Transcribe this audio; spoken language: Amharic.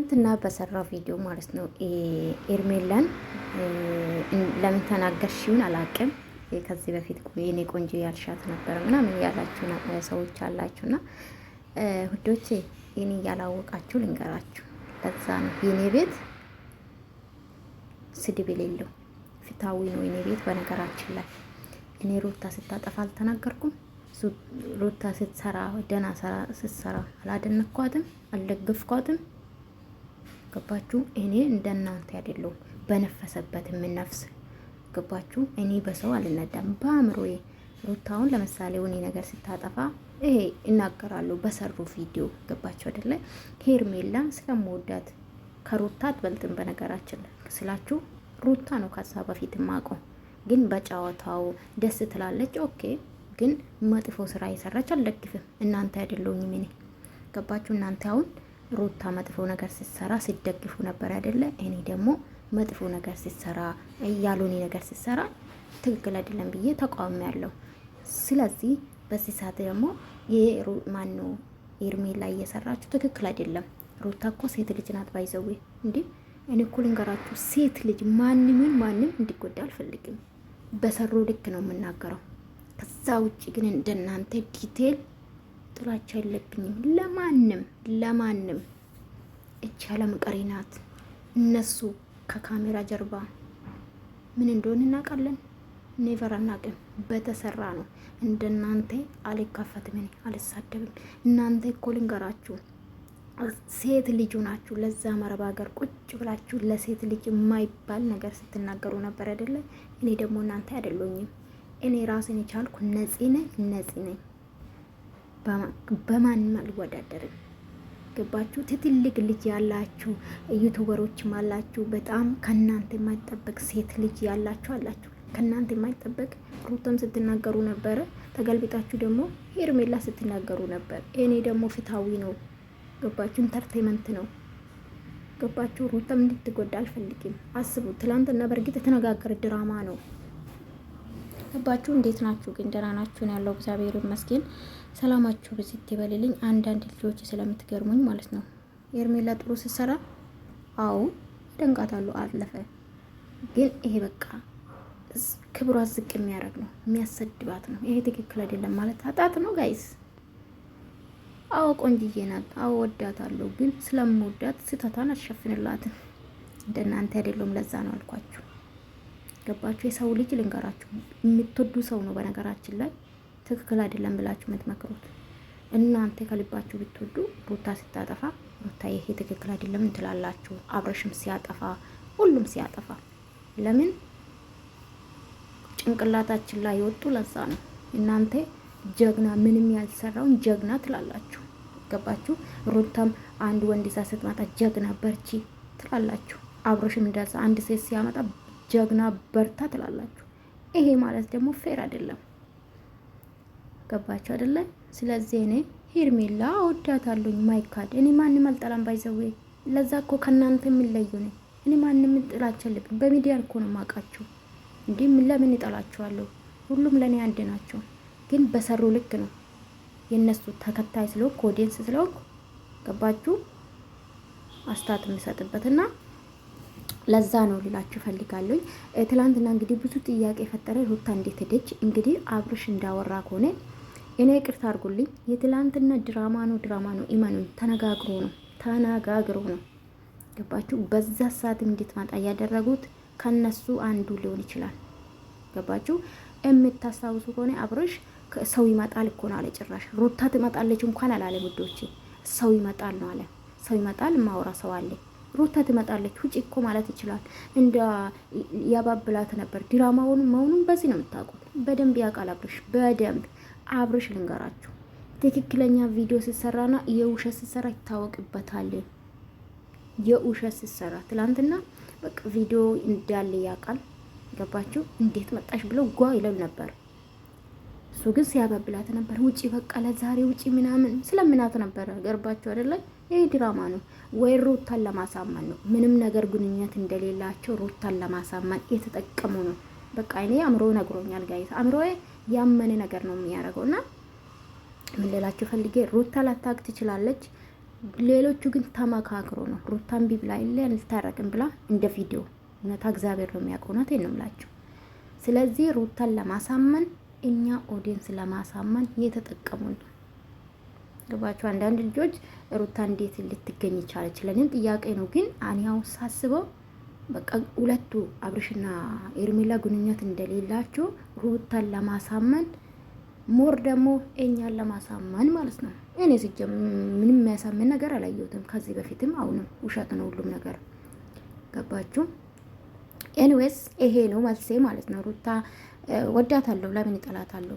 እንትና በሰራው ቪዲዮ ማለት ነው ኤርሜላን ለምን ተናገርሽውን አላቅም። ከዚህ በፊት የኔ ቆንጆ ያልሻት ነበር ምናምን ያላችሁ ሰዎች አላችሁና ሁዶቼ የኔ እያላወቃችሁ ልንገራችሁ። ለዛ ነው የኔ ቤት ስድብ የሌለው ፍትሐዊ ነው የኔ ቤት። በነገራችን ላይ እኔ ሩታ ስታጠፋ አልተናገርኩም። ሩታ ስትሰራ ደህና ስትሰራ አላደነኳትም፣ አልደግፍኳትም ገባችሁ? እኔ እንደናንተ አይደለሁም። በነፈሰበት የምነፍስ ገባችሁ? እኔ በሰው አልነዳም፣ በአእምሮዬ ሩታውን ለምሳሌ ውኔ ነገር ስታጠፋ ይሄ እናገራሉ በሰሩ ቪዲዮ ገባችሁ አይደለ? ሄርሜላን ስለምወዳት ከሩታ አትበልጥም። በነገራችን ስላችሁ ሩታ ነው ከዛ በፊት ማቀው፣ ግን በጨዋታው ደስ ትላለች። ኦኬ፣ ግን መጥፎ ስራ የሰራች አልደግፍም። እናንተ አይደለሁኝም እኔ ገባችሁ? እናንተ አሁን ሩታ መጥፎ ነገር ስትሰራ ሲደግፉ ነበር አይደለ? እኔ ደግሞ መጥፎ ነገር ስትሰራ እያሉኔ ነገር ስትሰራ ትክክል አይደለም ብዬ ተቃውሞ ያለው። ስለዚህ በዚህ ሰዓት ደግሞ ይሄ ማኑ ላይ እየሰራችሁ ትክክል አይደለም። ሩታ እኮ ሴት ልጅ ናት። ባይዘዊ እንዲ እኔ እኮ ልንገራችሁ፣ ሴት ልጅ ማንምን ማንም እንዲጎዳ አልፈልግም። በሰሩ ልክ ነው የምናገረው። ከዛ ውጭ ግን እንደናንተ ዲቴል ጥላቻ የለብኝም ለማንም ለማንም። እቺ ዓለም ቀሪ ናት። እነሱ ከካሜራ ጀርባ ምን እንደሆን እናውቃለን። ኔቨር አናውቅም። በተሰራ ነው። እንደናንተ አልካፈትም፣ አልሳደብም። እናንተ እኮ ልንገራችሁ ሴት ልጁ ናችሁ። ለዛ መረብ ሀገር ቁጭ ብላችሁ ለሴት ልጅ የማይባል ነገር ስትናገሩ ነበር አይደለ? እኔ ደግሞ እናንተ አይደለኝም። እኔ ራሴን የቻልኩ ነፂ ነኝ፣ ነፂ ነኝ። በማንም አልወዳደርም። ገባችሁ? ትትልቅ ልጅ ያላችሁ ዩቱበሮችም አላችሁ። በጣም ከእናንተ የማይጠበቅ ሴት ልጅ ያላችሁ አላችሁ። ከእናንተ የማይጠበቅ ሩተም ስትናገሩ ነበረ። ተገልብጣችሁ ደግሞ ሄርሜላ ስትናገሩ ነበር። እኔ ደግሞ ፍትሐዊ ነው። ገባችሁ? ኢንተርቴመንት ነው። ገባችሁ? ሩተም እንድትጎዳ አልፈልግም። አስቡ። ትላንትና በእርግጥ የተነጋገረ ድራማ ነው። ያስገባችሁ። እንዴት ናችሁ ግን? ደህና ናችሁን? ያለው እግዚአብሔር ይመስገን። ሰላማችሁ ብዝት ይበልልኝ። አንዳንድ ልጆች ስለምትገርሙኝ ማለት ነው። ሄርሜላ ጥሩ ስትሰራ፣ አዎ ደንቃታሉ። አለፈ ግን ይሄ በቃ ክብሯ ዝቅ የሚያደርግ ነው፣ የሚያሰድባት ነው። ይሄ ትክክል አይደለም ማለት አጣት ነው ጋይስ። አዎ ቆንጅዬ ናት፣ አዎ ወዳታለሁ። ግን ስለምወዳት ስህተቷን አሸፍንላትን። እንደናንተ አይደለም። ለዛ ነው አልኳችሁ። ገባችሁ? የሰው ልጅ ልንገራችሁ፣ የምትወዱ ሰው ነው በነገራችን ላይ ትክክል አይደለም ብላችሁ የምትመክሩት እናንተ ከልባችሁ ብትወዱ ቦታ ስታጠፋ ቦታ ይሄ ትክክል አይደለም እንትላላችሁ። አብረሽም ሲያጠፋ ሁሉም ሲያጠፋ ለምን ጭንቅላታችን ላይ ወጡ ለዛ ነው። እናንተ ጀግና ምንም ያልሰራውን ጀግና ትላላችሁ። ገባችሁ? ሩታም አንድ ወንድ ዛ ስትመጣ ጀግና በርቺ ትላላችሁ። አብረሽም እንደዛ አንድ ሴት ሲያመጣ ጀግና በርታ ትላላችሁ። ይሄ ማለት ደግሞ ፌር አይደለም። ገባችሁ አይደለ? ስለዚህ እኔ ሄርሜላ እወዳታለሁኝ። ማይካድ እኔ ማንም አልጠላም። ባይዘዌ ለዛ እኮ ከእናንተ የሚለዩ ነኝ እኔ ማንም ጥላቻ የለብኝ። በሚዲያ እኮ ነው የማውቃቸው። እንዲህ ለምን ይጠላቸዋለሁ? ሁሉም ለእኔ አንድ ናቸው። ግን በሰሩ ልክ ነው የእነሱ ተከታይ ስለሆንኩ ኦዲየንስ ስለሆንኩ ገባችሁ አስታት የምሰጥበትና ለዛ ነው ልላችሁ ፈልጋለኝ። ትላንትና እንግዲህ ብዙ ጥያቄ የፈጠረ ሩታ እንዴት ሄደች? እንግዲህ አብርሽ እንዳወራ ከሆነ እኔ ቅርታ አድርጉልኝ፣ የትላንትና ድራማ ነው ድራማ ነው። ኢመኑን ተነጋግሮ ነው ተነጋግሮ ነው ገባችሁ? በዛ ሰዓት እንድትመጣ ያደረጉት ከነሱ አንዱ ሊሆን ይችላል። ገባችሁ? የምታስታውሱ ከሆነ አብርሽ ሰው ይመጣል እኮ ነው አለ። ጭራሽ ሩታ ትመጣለች እንኳን አላለ። ውዶቼ ሰው ይመጣል ነው አለ። ሰው ይመጣል፣ ማውራ ሰው አለ ሩታ ትመጣለች ውጭ እኮ ማለት ይችላል። እንደ ያባብላት ነበር ድራማውን መሆኑን በዚህ ነው የምታውቁት። በደንብ ያውቃል አብርሽ፣ በደንብ አብርሽ ልንገራችሁ፣ ትክክለኛ ቪዲዮ ስትሰራና የውሸት ስሰራ ይታወቅበታል። የውሸት ስትሰራ ትላንትና በቃ ቪዲዮ እንዳለ ያውቃል። ገባችሁ? እንዴት መጣሽ ብለው ጓ ይለው ነበር። እሱ ግን ሲያባብላት ነበር ውጪ፣ በቃ ለዛሬ ውጪ ምናምን ስለምናት ነበረ። ገርባችሁ አይደለም? ይህ ድራማ ነው ወይ ሩታን ለማሳመን ነው? ምንም ነገር ግንኙነት እንደሌላቸው ሩታን ለማሳመን የተጠቀሙ ነው። በቃ እኔ አእምሮ ነግሮኛል ጋይስ፣ አእምሮ ያመነ ነገር ነው የሚያደርገው። እና ምን ልላችሁ ፈልጌ ሩታ ላታቅ ትችላለች። ሌሎቹ ግን ተመካክሮ ነው ሩታን ቢብላ ይለ ልታረቅም ብላ እንደ ቪዲዮ እውነታ እግዚአብሔር ነው የሚያቆናት እውነቴን ስለዚህ ሩታን ለማሳመን እኛ ኦዲየንስ ለማሳመን የተጠቀሙ ነው። ገባችሁ? አንዳንድ ልጆች ሩታ እንዴት ልትገኝ ይቻለች? ለእኔም ጥያቄ ነው። ግን አንያው ሳስበው በቃ ሁለቱ አብርሽና ኤርሜላ ግንኙነት እንደሌላቸው ሩታን ለማሳመን ሞር ደግሞ እኛን ለማሳመን ማለት ነው። እኔ ስጀም ምንም የሚያሳምን ነገር አላየሁትም ከዚህ በፊትም አሁንም ውሸት ነው ሁሉም ነገር ገባችሁ። ኤንዌስ ይሄ ነው መልሴ ማለት ነው። ሩታ ወዳታለሁ፣ ለምን እጠላታለሁ?